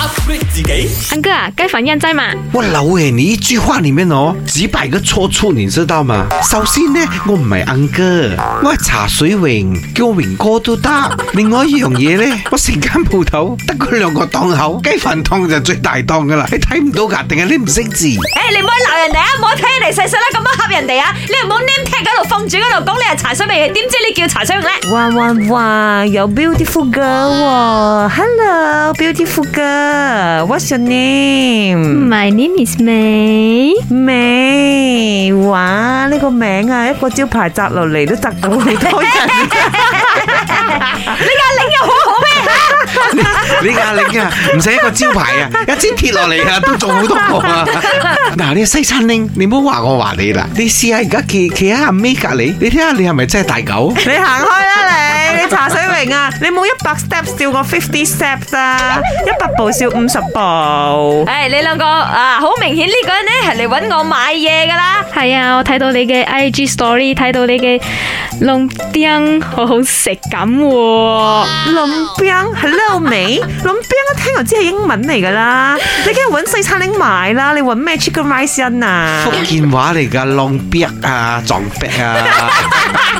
阿哥，雞粉印仔嘛？我老爺，你一句話裏面哦幾百個錯處，你知道嗎？首先呢，我唔係阿哥，我係茶水榮，叫我榮哥都得。 另外一樣嘢咧，我成間鋪頭得嗰兩個檔口，雞飯檔就最大檔噶、欸啊、啦，你睇唔到噶，定係你唔識字？誒，你唔好鬧人哋啊，唔好睇人哋細細啦，咁樣吓人哋啊！你唔好黏踢嗰度，放住嗰度講你係茶水榮，點知你叫茶水咩 o 哇，e o 有 beautiful girl，Hello，beautiful girl。What's your name? My name is May. May，哇，呢、這個名啊，一個招牌摘落嚟都摘到好多人。 你阿玲又好好咩？ 你阿玲啊，唔使一個招牌啊，一枝鐵落嚟啊，都做好多個。嗱， 你西餐廳，你唔好話我話你啦，你試下而家企企喺阿 May 隔籬，你睇下你係咪真係大狗？ 你行開。有啊！哎、你冇一百 steps 笑我 fifty steps 啊！一百步笑五十步。誒，你兩個啊，好明顯呢個人咧係嚟揾我買嘢噶啦。係啊，我睇到你嘅 I G story，睇到你嘅 long Biang，好好食咁。long 冰，啊、hello 咪 long 冰，一聽又知係英文嚟噶啦。你梗係揾西餐廳買啦，你揾咩 chicken rice in 啊？福建話嚟噶 long 冰啊，撞冰啊！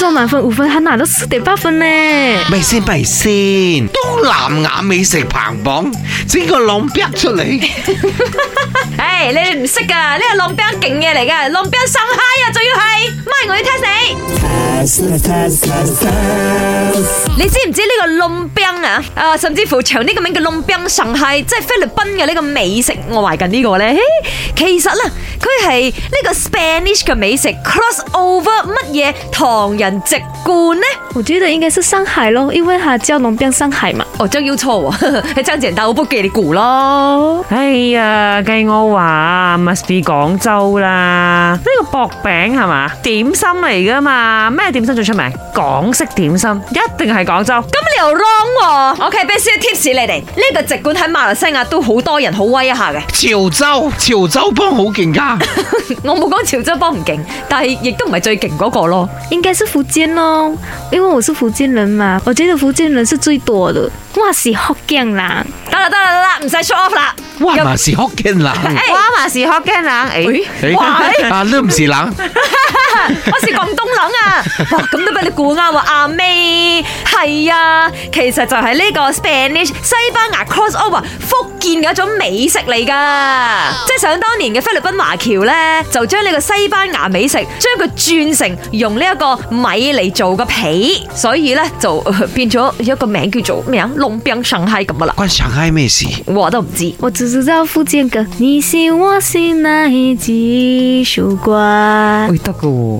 做滿分五分，佢拿到四點八分咧。咪先咪先，東南亞美食排行榜，整個龍餅出嚟。哎，你哋唔識噶，呢個龍餅勁嘅嚟噶，龍餅上嗨啊！仲要係，唔係我要 test 你。你知唔知呢個龍餅啊？啊，甚至乎長呢個名叫龍餅上嗨，即係菲律賓嘅呢個美食，我話緊呢個咧。誒，其實咧，佢係呢個 Spanish 嘅美食 cross over 乜嘢唐人。直觀呢？我覺得應該是上海咯，因為它叫龍邊上海嘛。我真、哦、要錯啊、哦！呵呵打你真正我不計你估咯。哎呀、hey, uh,，計我話，must be 廣州啦。呢、這個薄餅係嘛點心嚟噶嘛？咩點心最出名？港式點心一定係廣州。咁你又 wrong 喎。OK，必須要 tips 你哋。呢、這個直管喺馬來西亞都好多人好威一下嘅。潮州，潮州幫好勁噶。 我冇講潮州幫唔勁，但係亦都唔係最勁嗰個咯。應該是福建咯，因為我是福建人嘛。我知道福建人是最多的。哇！是好驚冷，得啦得啦得啦，唔使 show off 啦。哇！是好驚冷，哇！是好驚冷，哎，哇！啊，呢唔是冷。 我是廣東人啊！哇，咁都俾你估啱啊！阿妹是啊，其實就是這個 Spanish 西班牙 crossover 福建的一種美食來的即係，想當年的菲律賓華僑呢就將這個西班牙美食將佢轉成用這個米來做個皮，所以咧就變成了一個名叫做咩啊，龍餅上海咁啊，關上海咩事？我都不知道我，我只知道福建的你是我心內最曙光。喂，大哥。